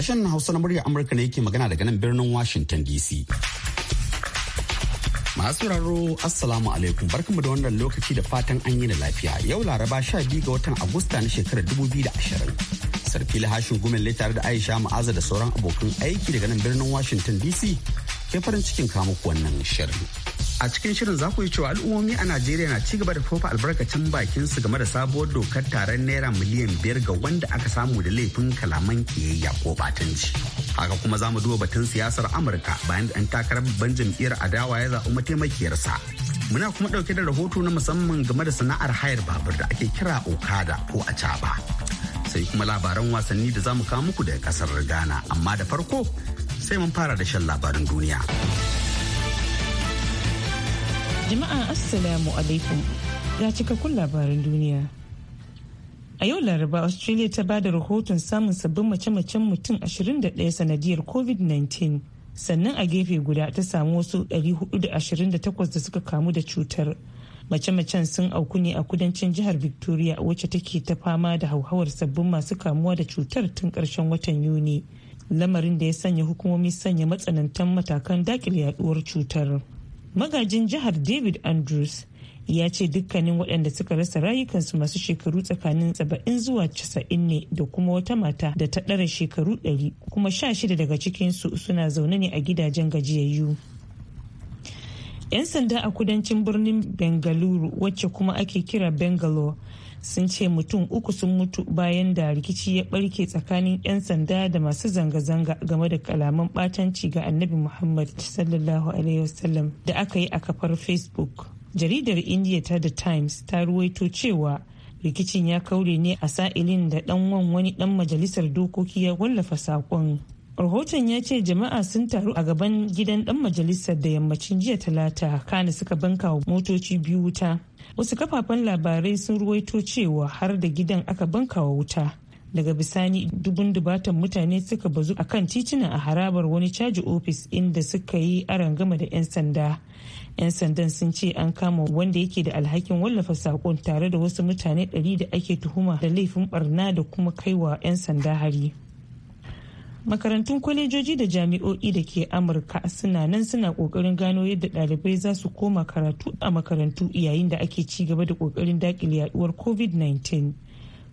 Sashen Hausa na muryar Amurka ne yake magana daga nan birnin Washington DC. Masu raro Assalamu alaikum barkamu da wannan lokaci da fatan an yi da lafiya. Yau Laraba sha biyu ga watan Agusta na shekarar ashirin. Sarki Lahashin Gumin tare da Aisha Ma'aza da sauran abokan aiki daga nan birnin Washington DC ke farin cikin kamuku wannan shirin. a cikin shirin za ku yi cewa al'ummomi a najeriya na ci gaba da fofa albarkacin bakin su game da sabuwar dokar taron naira miliyan biyar ga wanda aka samu da laifin kalaman kiyayya ko batanci haka kuma za mu duba batun siyasar amurka bayan da 'yan takarar babban jam'iyyar adawa ya zaɓi mataimakiyarsa muna kuma ɗauke da rahoto na musamman game da sana'ar hayar babur da ake kira okada ko a caba sai kuma labaran wasanni da za mu kawo muku daga kasar ghana amma da farko sai mun fara da shan labarin duniya. Jama'a Assalamu alaikum ga cikakkun labaran duniya. A yau Laraba Australia ta ba da rahoton samun sabbin mace-macen mutum 21 sanadiyar COVID-19 sannan a gefe guda ta samu wasu 428 da suka kamu da cutar. Mace-macen sun auku ne a kudancin jihar Victoria wacce take ta fama da hauhawar sabbin masu kamuwa da cutar tun karshen watan Yuni. Lamarin da ya sanya hukumomi sanya matsanantan matakan dakile yaduwar cutar. magajin jihar david andrews ya ce dukkanin waɗanda suka rasa rayukansu masu shekaru tsakanin saba'in zuwa casa'in ne da kuma wata mata da ta ɗara shekaru ɗari kuma sha shida daga cikinsu suna zaune ne a gidajen gajiyayyu 'yan sanda a kudancin birnin bengaluru wacce kuma ake kira bengalore sun ce mutum uku sun mutu bayan da rikici ya barke tsakanin 'yan sanda da masu zanga-zanga game da kalaman batanci ga annabi muhammad sallallahu alaihi wasallam da aka yi a kafar facebook jaridar india ta the times ta ruwaito cewa rikicin ya kaure ne a sa'ilin da ɗan wani ɗan majalisar dokoki ya wallafa saƙon rahoton ya ce jama'a sun taru a gaban gidan dan majalisar da yammacin jiya talata kana suka banka wa motoci biyu wuta wasu kafafen labarai sun ruwaito cewa har da gidan aka banka wa wuta daga bisani dubun dubatan mutane suka bazu a kan titina a harabar wani caji ofis inda suka yi gama da 'yan sanda 'yan sandan sun ce an kama wanda yake da alhakin wallafa sakon tare da wasu mutane 100 da ake tuhuma da laifin barna da kuma kaiwa 'yan sanda hari makarantun kwalejoji da jami'o'i da ke amurka suna nan suna kokarin gano yadda ɗalibai za su koma karatu a makarantu yayin da ake ci gaba da kokarin dakile yaduwar covid-19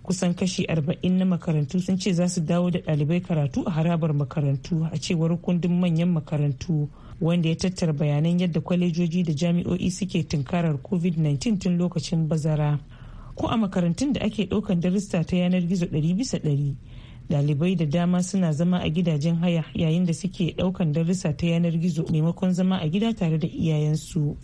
kusan kashi 40 na makarantu sun ce za su dawo da ɗalibai karatu a harabar makarantu a cewar kundin manyan makarantu wanda ya tattara bayanan yadda kwalejoji da jami'o'i suke tunkarar covid-19 tun lokacin bazara ko a makarantun da ake ɗaukan darussa ta yanar gizo 100 bisa 100 dalibai da dama suna zama a gidajen haya yayin da suke daukan darussa ta yanar gizo maimakon zama a gida tare da iyayensu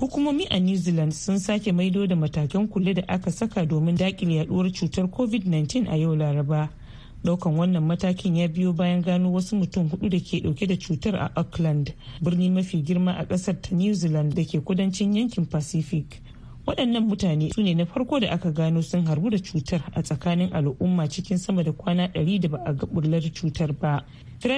hukumomi a new zealand sun sake maido da matakan kula da aka saka domin dakile yaduwar cutar covid-19 a yau laraba daukan wannan matakin ya biyo bayan gano wasu mutum hudu da ke dauke da cutar a auckland birni mafi girma a kasar ta new zealand da ke kudancin yankin pacific waɗannan mutane su ne na farko da aka gano sun harbu da cutar a tsakanin al'umma cikin sama da kwana 100 da ba a ga bullar cutar ba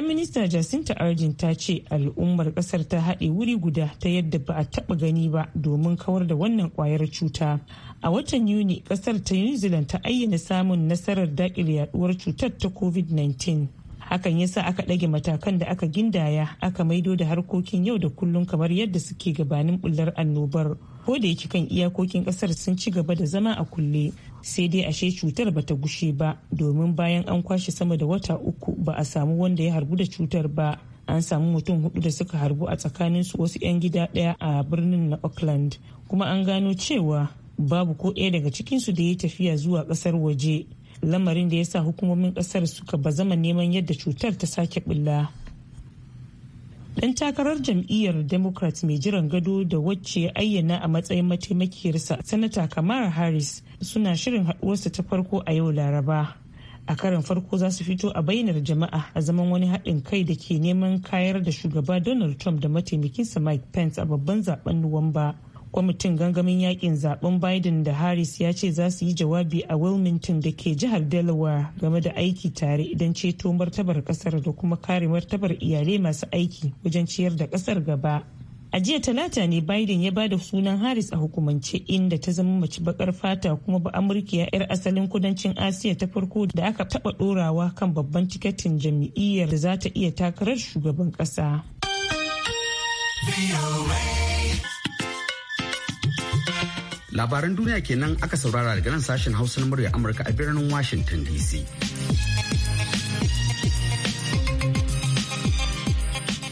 minista jacinta arjin ta ce al'ummar kasar ta haɗe wuri guda ta yadda ba a taɓa gani ba domin kawar da wannan kwayar cuta a watan yuni ƙasar ta new zealand ta ayyana samun nasarar daƙile yaduwar cutar ta covid-19 hakan yasa aka ɗage matakan da aka gindaya aka maido da harkokin yau da kullum kamar yadda suke gabanin bullar annobar ko da yake kan iyakokin kasar sun ci gaba da zama a kulle sai dai ashe cutar ba ta gushe ba domin bayan an kwashe sama da wata uku ba a samu wanda ya harbu da cutar ba an samu mutum hudu da suka harbu a tsakanin su wasu 'yan gida daya a birnin na auckland kuma an gano cewa babu ko ɗaya daga cikinsu da ya tafiya zuwa ƙasar waje lamarin da ya sa hukumomin ƙasar suka ba zama neman yadda cutar ta sake bulla dan takarar jam'iyyar democrat mai jiran gado da wacce ya ayyana a matsayin mataimakiyarsa sanata kamara harris suna shirin haɗuwarsa ta farko a yau laraba a karin farko za su fito a bayyanar jama'a a zaman wani haɗin kai da ke neman kayar da shugaba donald trump da mataimakinsa mike pence a babban zaben nuwamba kwamitin gangamin yakin zaben biden da harris ya ce za su yi jawabi a wilmington da ke jihar delaware game da aiki tare idan ceto martabar kasar da kuma kare martabar iyalai masu aiki wajen ciyar da kasar gaba a jiya talata ne biden ya ba da sunan harris a hukumance inda ta zama mace bakar fata kuma ba ya 'yar asalin kudancin asiya ta farko da aka taba dorawa kan babban tiketin jam'iyyar da za ta iya takarar shugaban kasa. labaran duniya kenan aka saurara daga nan sashen hausa na murya amurka a birnin washington dc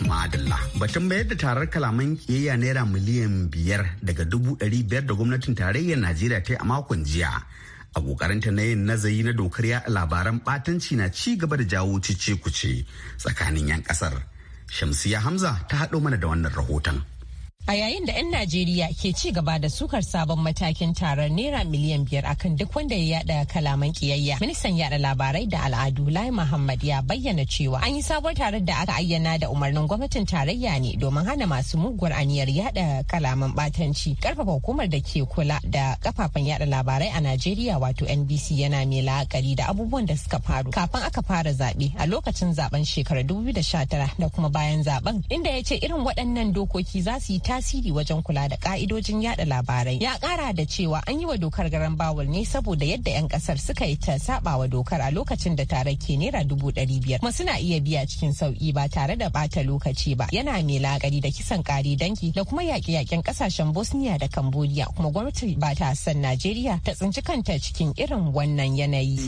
ma'adala batun bayar da tarar kalaman kiyayya naira miliyan biyar daga dubu ɗari biyar da gwamnatin tarayyar Najeriya ta yi a makon jiya. A kokarinta na yin nazari na dokar ya labaran batanci na ci gaba da jawo cice kuce tsakanin 'yan kasar Shamsiya Hamza ta haɗo mana da wannan rahoton. A yayin da 'yan Najeriya ke ci gaba da sukar sabon matakin taron naira miliyan biyar akan duk wanda ya yada kalaman kiyayya. Ministan yada labarai da al'adu Lai Muhammad ya bayyana cewa an yi sabon taron da aka ayyana da umarnin gwamnatin tarayya ne domin hana masu muguwar aniyar yada kalaman batanci. Karfafa hukumar da ke kula da kafafen yada labarai a Najeriya wato NBC yana mai la'akari da abubuwan da suka faru kafin aka fara zaɓe a lokacin zaben shekarar 2019 da kuma bayan zaben inda ya ce irin waɗannan dokoki za su yi tasiri wajen kula da ka'idojin yada labarai ya kara da cewa an yi wa dokar garan bawul ne saboda yadda 'yan kasar suka yi ta sabawa dokar a lokacin da tare ke naira dubu ɗari biyar kuma suna iya biya cikin sauki ba tare da bata lokaci ba yana mai lagari da kisan kari dangi da kuma yaƙe-yaƙen kasashen bosnia da cambodia kuma gwamnati ba ta san najeriya ta tsinci kanta cikin irin wannan yanayi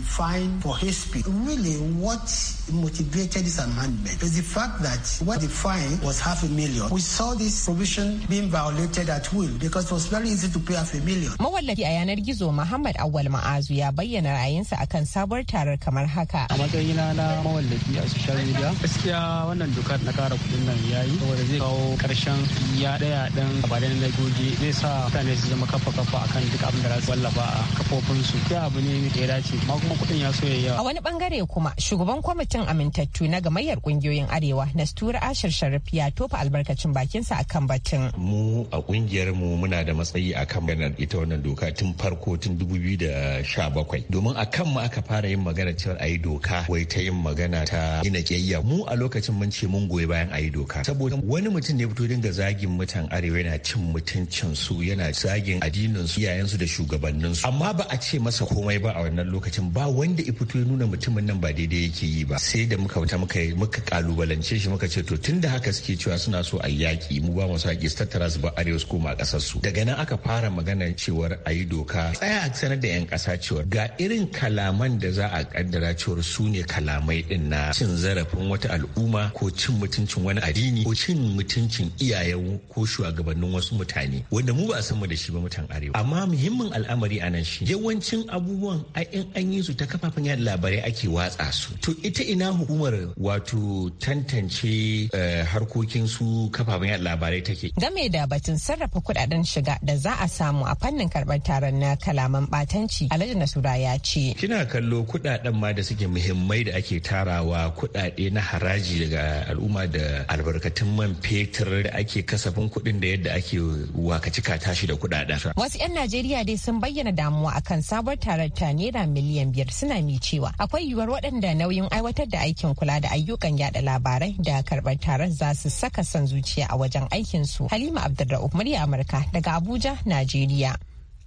really what motivated this amendment is the fact that what the fine was half a million we saw this provision been being violated at will because it was very easy to pay a million. Mawallafi a yanar gizo Muhammad Awal Ma'azu ya bayyana ra'ayinsa akan sabuwar tarar kamar haka. A matsayina na mawallafi a social media gaskiya wannan dokar na kara kudin nan yayi saboda zai kawo karshen ya ɗaya dan abadan na goge zai sa mutane su zama kafa kafa akan duk abin da za su wallafa a kafofin su. Ya abu ne da ya dace ma kuma kudin ya so yawa. A wani bangare kuma shugaban kwamitin amintattu na gamayyar kungiyoyin Arewa Nastura Ashir Sharif ya tofa albarkacin bakinsa akan batun. mu a kungiyar mu muna da matsayi a kan ita wannan doka tun farko tun 2017 domin a kan mu aka fara yin magana cewa a yi doka wai ta yin magana ta gina kiyayya mu a lokacin mun ce mun goyi bayan a yi doka saboda wani mutum ne fito dinga zagin mutan arewa yana cin mutuncin su yana zagin addinin su iyayen su da shugabannin su amma ba a ce masa komai ba a wannan lokacin ba wanda ya fito ya nuna mutumin nan ba daidai yake yi ba sai da muka wuta muka muka kalubalance shi muka ce to tunda haka suke cewa suna so a yaki mu ba mu sake su tattara su ba arewa su koma kasar su daga nan aka fara magana cewar a yi doka tsaya a sanar da yan kasa cewar ga irin kalaman da za a kaddara cewar su ne kalamai din na cin zarafin wata al'umma ko cin mutuncin wani addini ko cin mutuncin iyayen ko shugabannin wasu mutane wanda mu ba san mu da shi ba mutan arewa amma muhimmin al'amari a nan shi yawancin abubuwan in an yi su ta kafafen yada labarai ake watsa su to ita ina hukumar wato tantance eh, harkokin su kafafen yada labarai take game da batun sarrafa kudaden shiga da za a samu a fannin karbar taron na kalaman batanci alhaji nasura ya ce kina kallo kudaden ma da suke muhimmai da ake tarawa kudade na haraji daga al'umma da albarkatun man fetur da ake kasafin kudin da yadda ake wakacika tashi da kudaden wasu 'yan najeriya dai sun bayyana damuwa akan sabuwar tarar ta naira miliyan biyar suna mi cewa akwai yiwuwar waɗanda nauyin aiwatar da aikin kula da ayyukan yada labarai da karbar taron za su saka son zuciya a wajen aikin su Halima Abdulra'uf murya Amurka daga Abuja, Najeriya.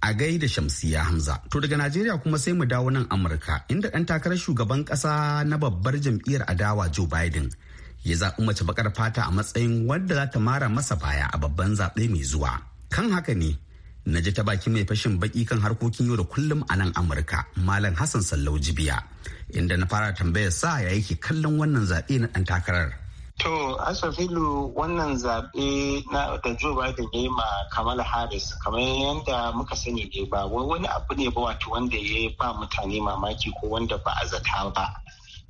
A gaida Shamsiya Hamza. To daga Najeriya kuma sai mu dawo nan Amurka inda ɗan takarar shugaban ƙasa na babbar jam'iyyar adawa Joe Biden ya zaɓi mace baƙar fata a matsayin wadda za ta mara masa baya a babban zaɓe mai zuwa. Kan haka ne na ji ta baki mai fashin baƙi kan harkokin yau da kullum a nan amurka malam hassan sallau jibiya inda na fara tambayar sa ya yake kallon wannan zaɓe na ɗan takarar To, Asafilu wannan zaɓe na da Joe Biden ya yi ma Kamala Harris kamar yadda muka sani ne ba wani abu ne ba wato wanda ya ba mutane mamaki ko wanda ba a zata ba.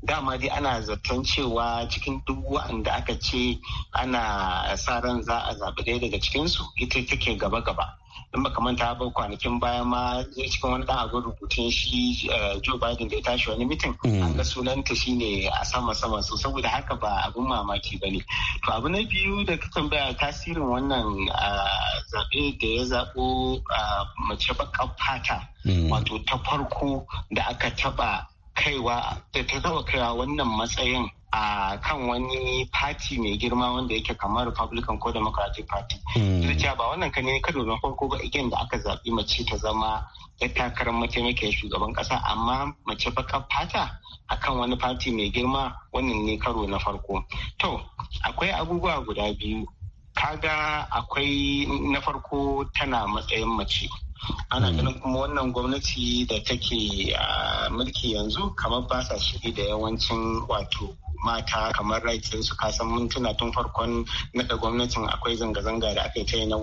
Dama dai ana zaton cewa cikin duk wa'anda aka ce ana sa ran za a zaɓi ɗaya daga cikinsu ita take gaba-gaba. in baka manta ba kwanakin baya ma cikin wani dan abin rubutun shi eh, Joe Biden da ya tashi wani mitin mm. an ga sunanta shine a sama sama so saboda haka ba abin mamaki ba ne to abu na biyu da ka tambaya tasirin wannan ah, zaɓe da ya zaɓo ah, mace baƙar fata mm. wato ta farko da aka taɓa kaiwa da ta taba kaiwa wannan matsayin a kan wani party mai girma wanda yake kamar republican ko democratic party zuciya hmm. ba wannan kan ne karo na farko ba igen da aka zaɓi mace ta zama ya takarar mataimakiyar shugaban ƙasa amma mace baka fata akan wani party mai girma wannan ne karo na farko to akwai abubuwa guda biyu kaga akwai na farko tana matsayin mace ana hmm. ganin kuma wannan gwamnati da take ah, mulki yanzu kamar ba sa shiri da yawancin wato mata kamar raikin su kasan mun tuna tun farkon naɗa gwamnatin akwai zanga-zanga da aka yi ta yi na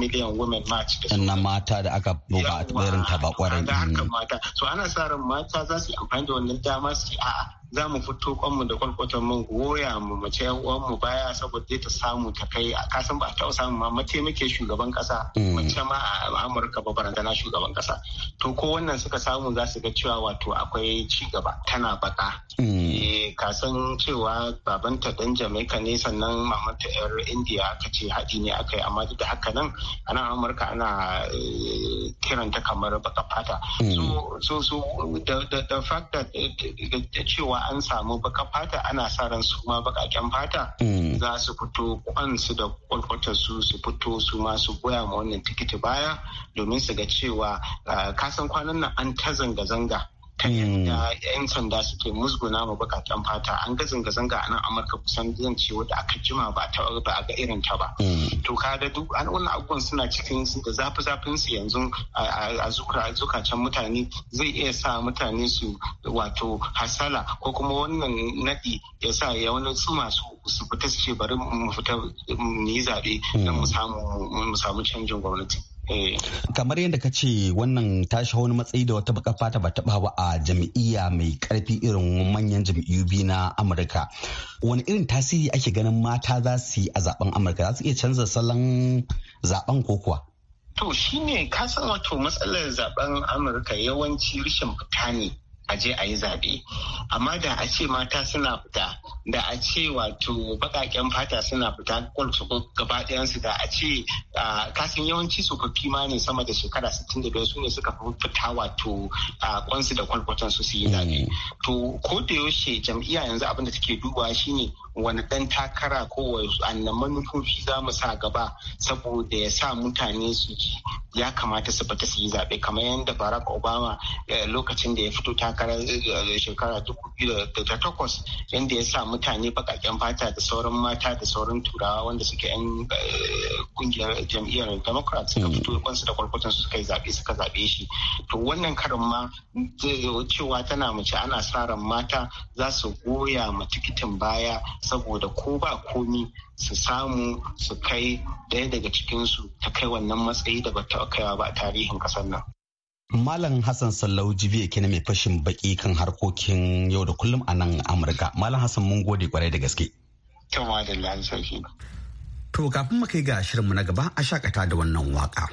miliyan women march da na mata da aka buga a ta ba kwarai da haka mm. so ana sa ran mata za su yi amfani da wannan dama su ce a'a za mu fito kwanmu da kwalkwatan mun goya mu mace mu baya saboda zai ta samu ta kai a kasan ba ta samu ma mataimake shugaban kasa mm. mace ma a amurka ba barantana shugaban kasa to ko wannan suka samu za su ga cewa wato akwai ci gaba tana baka mm. eh, kasan cewa babanta dan jamaika ne sannan mamanta yar indiya aka ce haɗi ne aka yi amma duk da haka nan a nan amurka ana eh, kiranta kamar baka fata mm. so so eh, da fact da cewa an samu baka fata ana sa ran su ma bakaken fata mm. za su fito kwansu da kwalkwatar su su fito su ma su goya ma wannan tikiti baya domin su ga cewa ah, kasan kwanan nan an ta zanga-zanga ta hmm. yadda 'yan sanda suke musguna ma bukatan fata an ga zanga-zanga a nan amurka kusan zan ce wadda aka jima ba ta ba a ga irin ta ba hmm. to da duk an wannan abubuwan suna cikin da zafi zafin su yanzu a zukacen mutane zai iya sa mutane su wato hasala ko kuma wannan nadi ya sa ya wani su masu su fita su ce bari mu fita mu yi zaɓe don mu hmm. samu canjin gwamnati. Eh. kamar yadda ka ce wannan ta sha wani matsayi da wata baka fata ba taba ba a jam'iyya mai karfi irin manyan jam'iyyu biyu na amurka wani irin tasiri ake ganin mata za su yi a zaben amurka za su iya canza salon zaben ko kuwa to shine ka san wato matsalar zaben amurka yawanci rashin fita ne a je a yi zabe amma da a ce mata suna fita da a ce wato bakaken fata suna fita kwal su gaba ɗayansu da a ce kasan yawanci tsofaffi ma ne sama da shekara 65 su ne suka fita wato kwansu da kwalkwatan su su yi zaɓe mm. to ko da yaushe jam'iyya yanzu abin da take dubawa shine wani ɗan takara ko wani manufofi za mu sa gaba saboda ya sa mutane su ya kamata su fita su yi zaɓe kamar yadda barack obama eh, lokacin da ya fito takara eh, shekara 2008 yadda ya sa mutane baƙaƙen fata da sauran mata da sauran turawa wanda suke 'yan kungiyar eh, jam'iyyar democrat suka fito kwansu da kwalkwatan su suka yi zaɓe suka zaɓe shi to wannan karin ma cewa tana mace ana sa ran mata za su goya ma tikitin baya saboda ko ba komi su samu su kai ɗaya daga cikinsu ta kai wannan matsayi da ba ta kaiwa ba a tarihin ƙasar nan. Malam Hassan Sallau Jibiya kina mai fashin baki kan harkokin yau da kullum a nan Amurka. Malam Hassan mun gode kwarai da gaske. Kyanwa da sarki. To kafin mu kai ga shirinmu na gaba a shakata da wannan waka.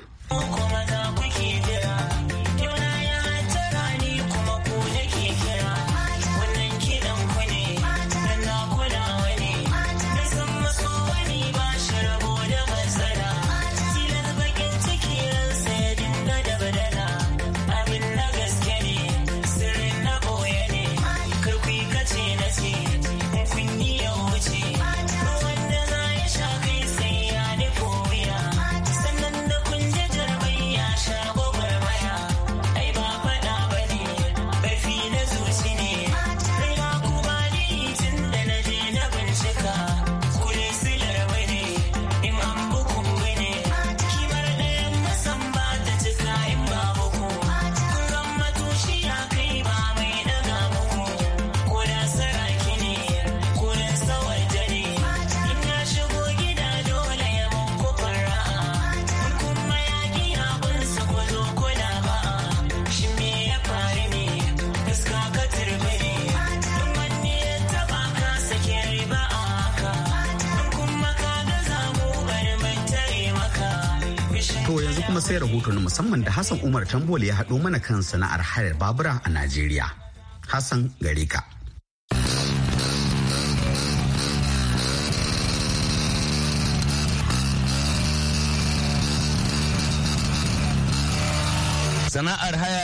rahoto musamman da Hassan Umar Tambole ya haɗo mana kan sana'ar hayar babura a Najeriya. Hassan gare ka.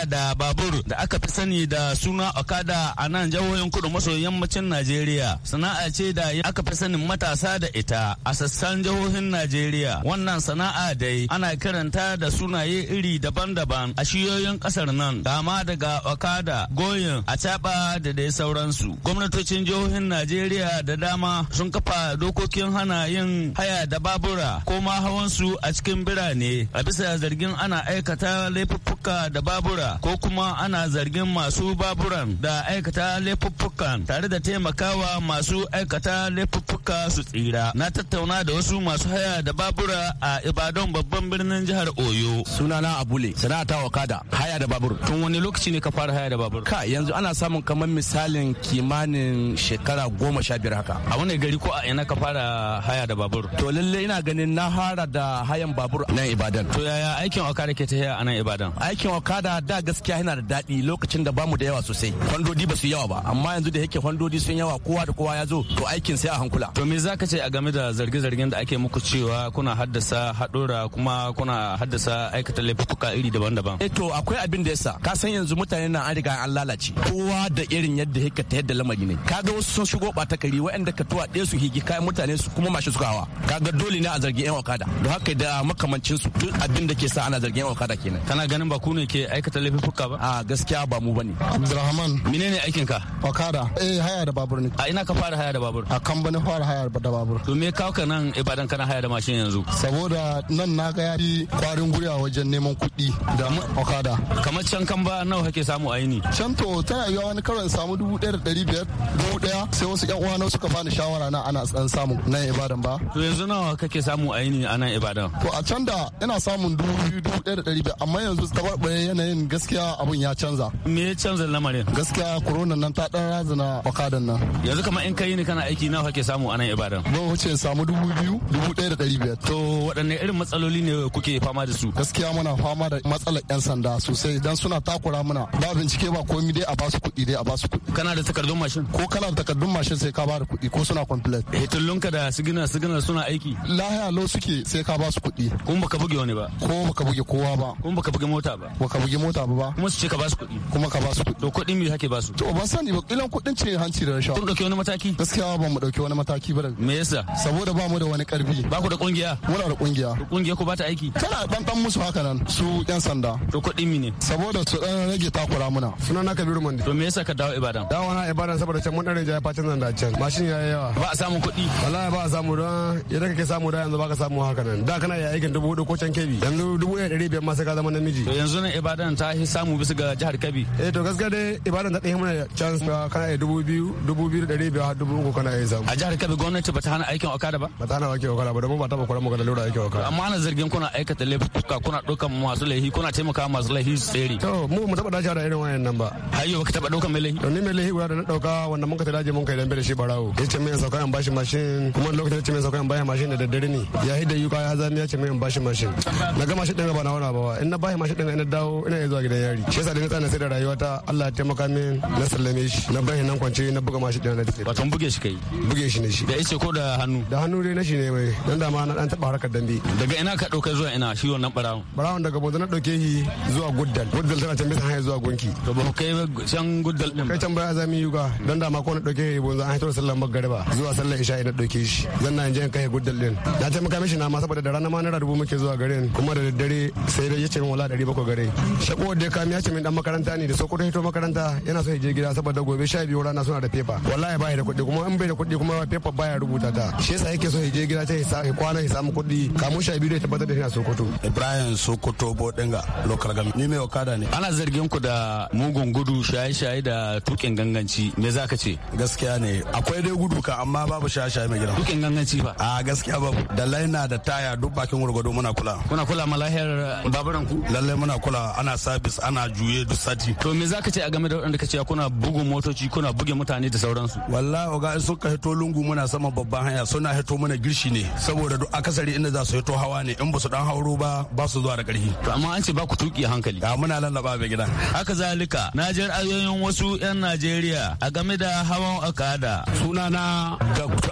da babur da aka fi sani da suna okada a nan jihohin kudu maso yammacin Najeriya. Sana'a ce da aka fi sanin matasa da ita a sassan jihohin Najeriya. Wannan sana'a dai ana kiranta da sunaye iri daban-daban a shiyoyin kasar nan kama daga okada, goyin, acaba da dai sauransu. Gwamnatocin jihohin Najeriya da dama sun kafa dokokin hana yin haya da babura ko ma hawansu a cikin birane a bisa zargin ana aikata laifuffuka babbuka da babura ko kuma ana zargin masu baburan da aikata laifuffukan tare da taimakawa masu aikata laifuffuka su tsira. Na tattauna da wasu masu haya da babura a Ibadan babban birnin jihar Oyo. Sunana Abule, ta wakada haya da babur. Tun wani lokaci ne ka fara haya da babur? Ka yanzu ana samun kamar misalin kimanin shekara goma sha biyar haka. A wani gari ko a ina ka fara haya da babur? To lalle ina ganin na fara da hayan babur nan Ibadan. To yaya aikin Okada ke ta haya a nan Ibadan? aikin okada da gaskiya yana da daɗi lokacin da bamu da yawa sosai hondodi ba su yawa ba amma yanzu da yake hondodi sun yawa kowa da kowa ya zo to aikin sai a hankula to me zaka ce a game da zarge-zargen da ake muku cewa kuna haddasa haɗura kuma kuna haddasa aikata laifuka iri daban-daban eh to akwai abin da yasa ka san yanzu mutane na an riga an lalace kowa da irin yadda yake ta yadda lamari ne kaga wasu sun shigo ɓata kari waɗanda ka tuwa ɗaya su higi kayan mutane su kuma mashi sukawa kaga dole ne a zargi yan okada don haka da makamancin su duk abin da ke sa ana zargin yan okada kenan kana ganin ba ba ku ne ke aikata laifuka ba? A gaskiya ba mu bane. Abdulrahman. Menene aikin ka? Okada. Eh haya da babur ne. A ina ka fara haya da babur? A kan bane fara haya da babur. To me kawo ka nan Ibadan kana haya da mashin yanzu? Saboda nan na ga yafi kwarin guri a wajen neman kuɗi da Okada. Kamar can kan ba nawa kake samu a yini? Can to tana yiwa wani karon samu dubu ɗaya da ɗari biyar dubu ɗaya sai wasu ƴan uwana suka bani shawara na ana tsan samu nan Ibadan ba. To yanzu nawa kake samu a yini a nan Ibadan? To a can da ina samun dubu biyu dubu ɗaya da ɗari biyar amma yanzu ta taɓarɓare yanayin gaskiya abun ya canza. Me ya canza lamarin? Gaskiya corona nan ta ɗan razana okadan nan. Yanzu kamar in kai ne kana aiki nawa kake samu a nan Ibadan? Ban wuce samu dubu biyu, dubu ɗaya da ɗari biyar. To waɗanne irin matsaloli ne kuke fama da su? Gaskiya muna fama da matsalar 'yan sanda sosai dan suna takura mana ba bincike ba komai dai a ba su kuɗi dai a ba su kuɗi. Kana da takardun mashin? Ko kana da takardun mashin sai ka ba da kuɗi ko suna tullun Hitullunka da sigina sigina suna aiki? Lahiya lo suke sai ka ba su kuɗi. Kuma baka buge wani ba? Ko baka buge kowa ba. Kuma baka buge mota ba Ba ka bugi mota ba ba kuma su ce ka ba su kuɗi kuma ka ba su kuɗi to kuɗi me kake ba su to ban sani ba kilan kuɗin ce hanci da rashawa kun dauke wani mataki gaskiya ba mu dauke wani mataki ba me yasa saboda ba mu da wani karfi ba ku da kungiya muna da kungiya kungiya ku ba ta aiki Kana dan dan musu haka nan su yan sanda to kuɗi mi ne saboda su dan rage takura muna Sunan sunana kabiru mandi to me yasa ka dawo ibadan dawo na ibadan saboda can mun dan rage fatin nan da can mashin ya yi yawa ba a samu kuɗi wallahi ba a samu don idan kake samu da yanzu ba ka samu haka nan da kana ya aikin dubu hudu ko can kebi yanzu dubu ɗaya ɗari biyar ma sai ka zama namiji yanzu nan ibadan ta yi samu bisa ga jihar kabi eh to gaskiya dai ibadan ta ɗaya mana chance ba kana yi dubu biyu dubu biyu da ɗari biyar dubu uku kana yi samu a jihar kabi gwamnati ba ta hana aikin okada ba ba ta hana aikin okada ba domin ba ta bakwara mu ga lura aikin okada amma ana zargin kuna aikata laifuka kuna ɗaukan masu laifi kuna taimaka masu laifi su tsere to mu mu taɓa dacewa da irin wayan nan ba ba ka taɓa ɗaukan mai laifi to ni mai laifi guda da na ɗauka wanda mun ka ta daji mun kai dambe da shi barawo ya ce min sauka in bashi mashin kuma lokacin da ce min sauka in bashi mashin da daddare ne ya hidda yuka ya zami ya ce min bashi mashin na gama shi ɗin ba na wani ba in na bashi mashin ɗin na dawo ina zuwa gidan yari shi yasa da na tsana sai da rayuwa ta Allah ya taimaka min na sallame shi na bai nan kwance na buga mashi da dana da wato buge shi kai buge shi ne shi da ice ko da hannu da hannu dai na shi ne mai dan da ma na dan taba harkar dambe daga ina ka dauka zuwa ina shi wannan barawon barawon daga bozo na dauke shi zuwa guddal guddal tana can bisa haya zuwa gonki to ba kai can guddal din kai can baya zami yuga dan da ma ko na dauke shi bozo an hito sallan magariba zuwa sallan isha ina dauke shi zan na je kai guddal din da taimaka mishi na ma saboda da rana ma na rubu muke zuwa garin kuma da daddare sai da yace min wala 700 gare saboda ya kami ya ce min dan makaranta ne da so kudin hito makaranta yana so ya je gida saboda gobe sha biyu rana suna da fefa wallahi ba ya da kudi kuma in bai da kudi kuma fefa baya rubuta ta shi yasa yake so ya je gida ta ya kwana ya samu kudi kamun sha biyu da ya tabbatar da yana sokoto ibrahim sokoto bodinga local government ni mai okada ne ana zargin ku da mugun gudu shaye-shaye da tukin ganganci me zaka ce gaskiya ne akwai dai gudu ka amma babu shaye-shaye mai gida tukin ganganci fa a gaskiya babu da laina da taya duk bakin gurgudu muna kula kuna kula ma lahiyar baburan ku lalle muna kula ana sabis ana juye duk sati to me zaka ce a game da waɗanda kace kuna bugun motoci kuna buge mutane da sauransu wallahi oga in suka hito lungu muna sama babban hanya suna hito mana girshi ne saboda duk akasari inda za su hito hawa ne in ba su dan hauro ba ba su zuwa da karfi to amma an ce ba ku tuki hankali a muna lallaba bai gida haka zalika najer ayoyin wasu yan Najeriya a game da hawan akada sunana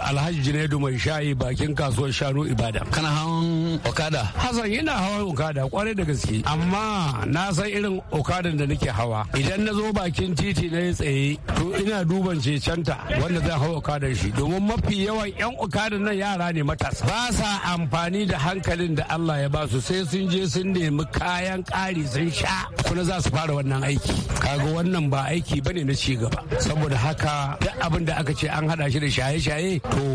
Alhaji Junaidu mai shayi bakin kasuwar Shanu Ibadan kana hawan okada? Hasan yana hawan okada kwarai da gaske amma na san irin okadin da nake hawa idan na zo bakin titi na tsaye to ina duban cecenta wanda zai hau okadar shi domin mafi yawan yan okadin nan yara ne matasa ba sa amfani da hankalin da Allah ya ba su sai sun je sun nemi kayan ƙari sun sha kuna za su fara wannan aiki kaga wannan ba aiki bane na ci gaba saboda haka duk abin da aka ce an hada shi da shaye-shaye to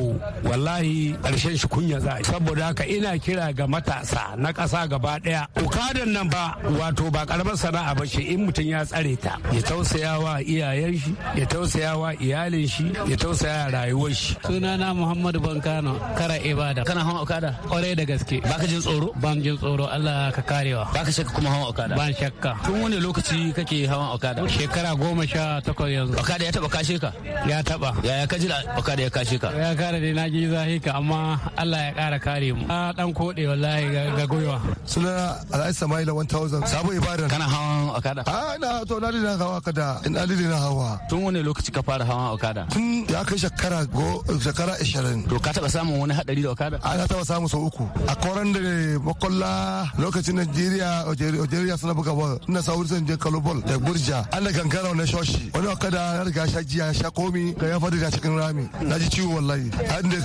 wallahi ƙarshen shi kunya za a saboda haka ina kira ga matasa na ƙasa gaba ɗaya okadan nan ba wato ba karamar sana'a ba ce in mutum ya tsare ta ya tausaya wa iyayen shi ya tausaya wa iyalin shi ya tausaya rayuwar shi sunana muhammadu bankano kara ibada kana hawa okada kwarai da gaske baka jin tsoro ban jin tsoro allah ka karewa baka shakka kuma hawa okada ban shakka tun wani lokaci kake hawa okada shekara goma sha takwas yanzu okada ya taba kashe ka ya taba yaya ya kaji okada ya kashe ka ya kare dai na ji zahi ka amma allah ya kara kare mu a dan kode wallahi ga goyawa sunana alhaji samaila 1000 zan sabo ibadan kana hawan okada a ah, ina to na dina hawa okada in na hawa tun wani lokaci ka fara hawan okada tun ya kai shekara go shekara 20 to ka taba samun wani hadari da okada a ah, na taba samu sau uku a koran da makolla lokacin Najeriya Algeria suna buga bol ina sauri wurin je kalo bol da burja an da gangara wani shoshi wani okada ya riga sha jiya sha komi da ya fadi da cikin rami na ji ciwo wallahi an da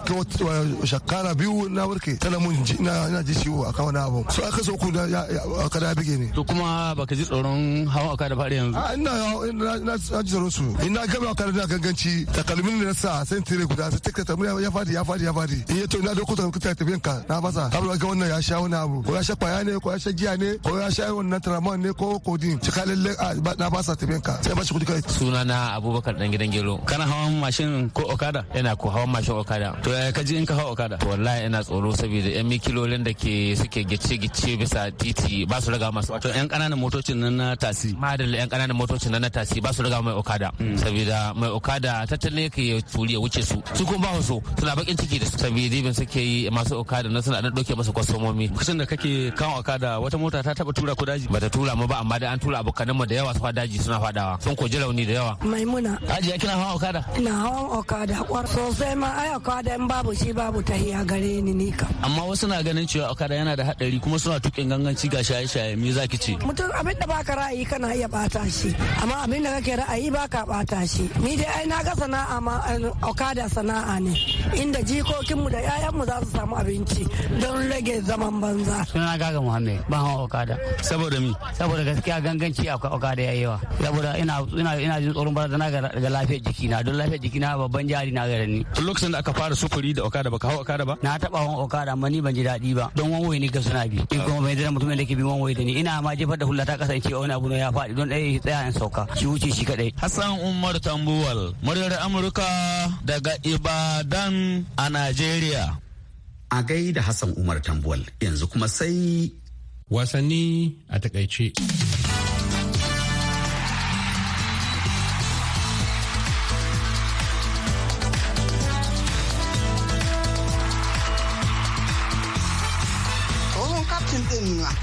shekara biyu na warke tana mun ina ji ciwo a na abu so aka so ku da okada bige ne to kuma ba ka ji tsoron hawa aka da fari yanzu a ah, ina ina ji tsoron su ina gaba aka da ganganci takalmin da sa sai tire guda sai take ta ya fadi ya fadi ya fadi in ya to ina doko ta kuta tafiyan ka na fasa kamar ga wannan ya sha wani abu ko ya sha kwaya ne ko ya sha giya ne ko ya sha wannan tramon ne ko kodin cika lalle ah, na fasa tafiyan ka sai ba shi kudi kai suna na abubakar dan gidan gelo. kana hawan mashin ko okada Ina ko hawan mashin okada to ya ka ji in ka hawa okada to wallahi ina tsoro saboda yan mikilolin da ke suke gice gice bisa titi ba su raga masu su to yan kananan motocin nan na tasi madalla yan kananan motocin nan na tasi ba su riga mai okada mm. saboda mai okada tattalin yake ya turi ya wuce su su kuma ba su suna bakin ciki da su saboda ibin suke yi masu okada na suna dan doke masa kwasomomi kusan da kake kan okada wata mota ta taba tura ku daji ba ta tura mu ba amma da an tura abokanan mu da yawa su daji suna fadawa sun ko ji rauni da yawa maimuna aji kina hawan okada ina hawan okada kwar sosai ma ai okada in babu shi babu ta hiya gare ni ni kam amma wasu na ganin cewa okada yana da hadari kuma suna tukin ganganci ga shaye-shaye me za ki ce mutum abin da baka ra'ayi kana iya bata shi amma abin da kake ra'ayi baka bata shi ni dai ai na ga sana'a ma okada sana'a ne inda jikokinmu da 'ya'yanmu za su samu abinci don rage zaman banza suna gaga muhammed ba hawa okada saboda mi saboda gaskiya ganganci akwai okada ya yawa saboda ina ina ina jin tsoron bara na ga lafiyar jikina don lafiyar jikina babban jari na gare ni lokacin da aka fara sufuri da okada baka hawa okada ba na taba hawa okada amma ni ban ji daɗi ba don wani wani ga suna bi in kuma bai zama mutumin da ke bi wani da ni ina ma jefar da hulata ta kasance wani abu ya faɗi don ɗaya tsaya in sauka shi wuce shi kaɗai. Hassan Umar Tambuwal muryar Amurka daga Ibadan a Najeriya. A gaida Hassan Umar Tambuwal yanzu kuma sai wasanni a takaice.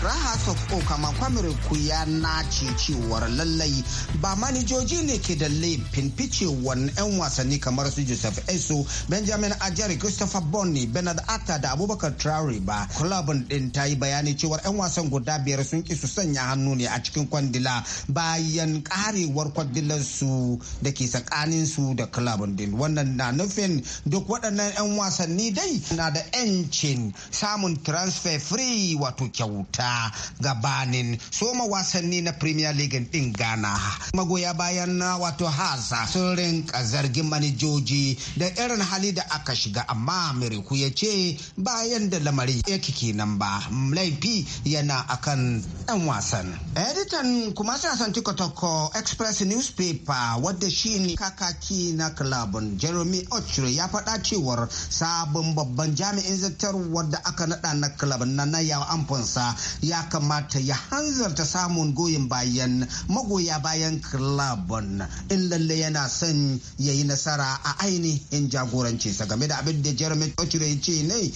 rahas of okama na ya nace cewar lallai ba manijoji ne ke da laifin ficewar 'yan wasanni kamar su joseph eso benjamin ajari christopher Bonny, bernard atta da abubakar traore ba kulabin din ta yi bayani cewar 'yan wasan guda biyar sun ki su sanya hannu ne a cikin kwandila bayan karewar kwandilarsu su da ke tsakanin su da kulabin din wannan na nufin duk waɗannan 'yan wasanni dai na da 'yancin samun transfer free wato kyauta gabanin soma wasanni na Premier League din Ghana. Magoya bayan na wato Haza sun rinka zargin manijoji da irin hali da aka shiga amma Miriku ya ce bayan da lamarin yake kenan ba laifi yana akan dan wasan. Editan kuma sasan tikotoko Express newspaper wadda shi ne kakaki na klabin Jeremy Ochre ya faɗa cewar sabon babban jami'in zartarwar da aka naɗa na klabin na na yawa amfansa ya kamata ya hanzarta samun goyon bayan magoya bayan kilabon in lalle yana son ya yi nasara a ainihin sa game da abin da jeremy Oture ce ne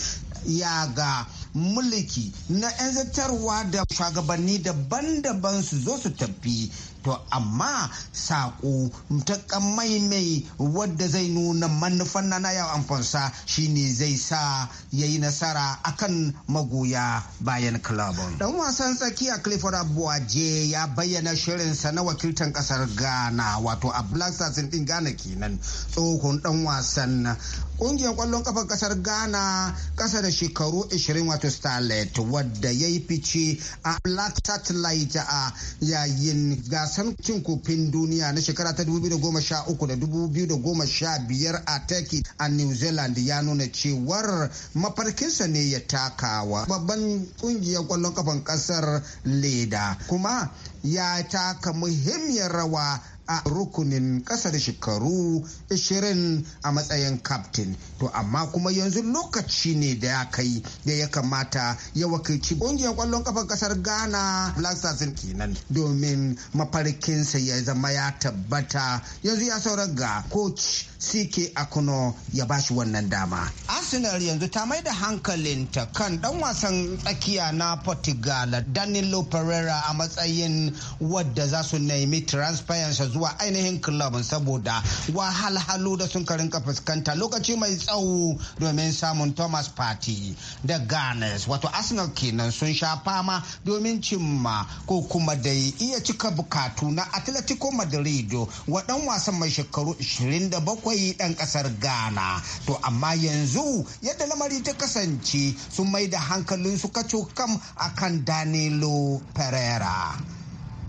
ya ga mulki na 'yan zartarwa da shugabanni daban-daban su zo su tafi to amma saƙo takamaimai mai wadda zai nuna manufan na yau amfansa shine zai sa ya yi nasara akan magoya bayan club dan wasan tsakiya clifford abuwaje ya bayyana shirinsa na wakiltar kasar ghana wato a black stars din ghana kenan tsohon dan wasan kungiyar kwallon kafar kasar ghana kasa da shekaru 20 wato starlet wadda ya yi fice a black satellite a yayin gasar cin kofin duniya na shekara ta 2013 da 2015 a turkey a new zealand ya nuna cewar mafarkinsa ne ya takawa babban kungiyar kwallon kafan kasar leda kuma ya taka muhimmiyar rawa a rukunin ƙasar shekaru 20 a matsayin captain to amma kuma yanzu lokaci ne da ya kai da ya kamata ya wakilci ƙungiyar ƙwallon ƙafar ƙasar ghana black stars kenan domin mafarkinsa ya zama ya tabbata yanzu ya saura ga coach ck akuno ya bashi wannan dama arsenal yanzu ta mai da hankalinta kan dan wasan tsakiya na portugal danilo pereira a matsayin wadda za su nemi transparency zuwa ainihin club saboda wahalhalu da sun karinka fuskanta lokaci mai tsawo domin samun thomas party da ganes wato arsenal kenan sun sha fama domin cimma ko kuma da iya cika bukatu na atletico madrid wa dan wasan mai shekaru 27 kwai ɗan ƙasar ghana to amma yanzu yadda lamari ta kasance sun mai da hankalin su kaco kam akan danilo pereira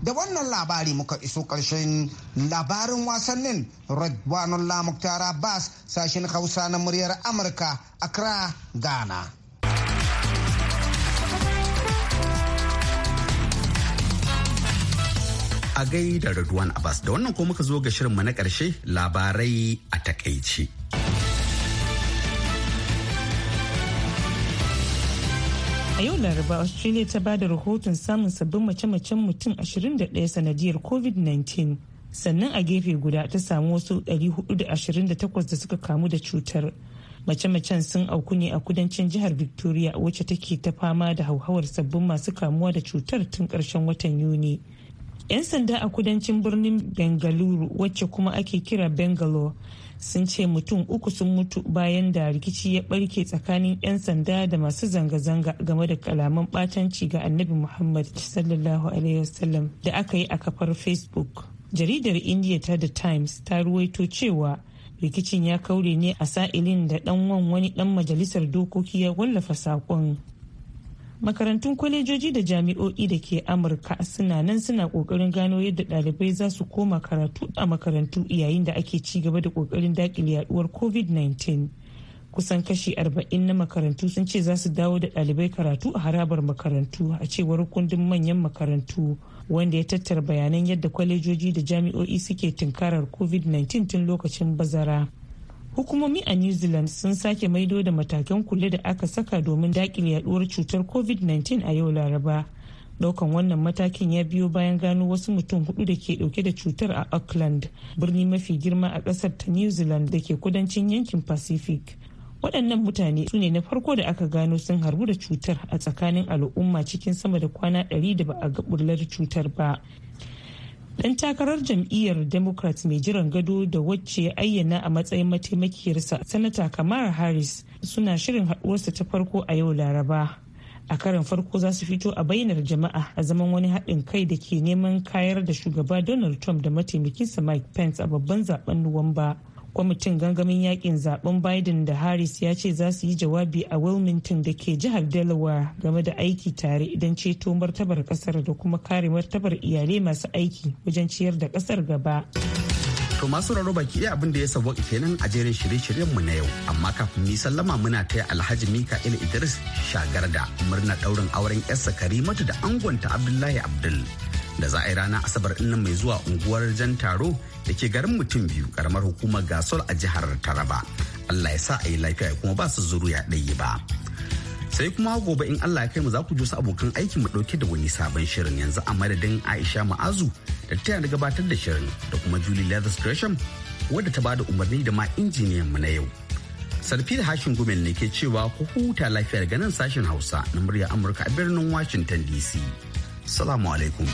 da wannan labari muka iso ƙarshen labarin wasannin redwanullah muktara bas sashen hausa na muryar amurka accra ghana a gai da Radwan Abbas da wannan ko muka zo ga shirinmu na karshe labarai a takaici. A yau Laraba Australia ta ba da rahoton samun sabbin mace-macen mutum 21 sanadiyar COVID-19. Sannan a gefe guda ta samu wasu 428 da suka kamu da cutar. Mace-macen sun auku ne a kudancin jihar Victoria wacce take ta fama da hauhawar sabbin masu kamuwa da cutar tun karshen watan Yuni. 'Yan sanda a kudancin birnin Bengaluru wacce kuma ake kira Bangalore sun ce mutum uku sun mutu bayan da rikici ya barke tsakanin 'yan sanda da masu zanga-zanga game da kalaman batanci ga annabi Muhammad sallallahu Alaihi wasallam da aka yi a kafar Facebook. Jaridar India ta The Times ta ruwaito cewa rikicin ya kaure ne a sa'ilin da ɗan wani ɗan majalisar dokoki ya wallafa saƙon makarantun kwalejoji da jami'o'i da ke amurka suna nan suna kokarin gano yadda ɗalibai za su koma karatu a makarantu yayin da ake ci gaba da kokarin dakile yaduwar covid-19 kusan kashi 40 na makarantu sun ce za su dawo da ɗalibai karatu a harabar makarantu a cewar kundin manyan makarantu wanda ya tattara bayanan yadda kwalejoji da jami'o'i suke tunkarar covid-19 tun lokacin bazara hukumomi a new zealand sun sake maido da matakan kula da aka saka domin dakile yaduwar cutar covid-19 a yau laraba daukan wannan matakin ya biyo bayan gano wasu mutum hudu da ke dauke da cutar a auckland birni mafi girma a kasar ta new zealand da ke kudancin yankin pacific waɗannan mutane su ne na farko da aka gano sun harbu da cutar a tsakanin al'umma cikin sama da kwana 100 da ba a ga cutar ba dan takarar jam'iyyar democrat mai jiran gado da wacce ya ayyana a matsayin mataimakiyarsa sanata kamar harris suna shirin haɗuwarsa ta farko a yau laraba a karin farko za su fito a bayyanar jama'a a zaman wani haɗin kai da ke neman kayar da shugaba donald trump da mataimakinsa mike pence a babban zaben nuwamba kwamitin gangamin yakin zaben biden da harris ya ce za su yi jawabi a wilmington da ke jihar delaware game da aiki tare idan ceto martabar kasar da kuma kare martabar iyalai masu aiki wajen ciyar da kasar gaba to masu raro baki ɗaya abin da ya sabo kenan a jerin shirye-shiryen mu na yau amma kafin ni sallama muna taya alhaji mika'il idris shagarda murna daurin auren yarsa karimatu da angonta abdullahi abdul da za a yi rana asabar nan mai zuwa unguwar jan taro da ke garin mutum biyu karamar hukumar gasol a jihar taraba allah ya sa a yi lafiya ya kuma ba su zuru ya ɗaya ba sai kuma gobe in allah ya kai mu za ku su abokan aiki mu ɗauke da wani sabon shirin yanzu a madadin aisha ma'azu da ta yana gabatar da shirin da kuma julie leathers gresham wadda ta bada umarni da ma injiniyan mu na yau sarfi da hashin gumel ne ke cewa ku huta lafiyar ganin sashen hausa na murya amurka a birnin washington dc Salamu alaikum.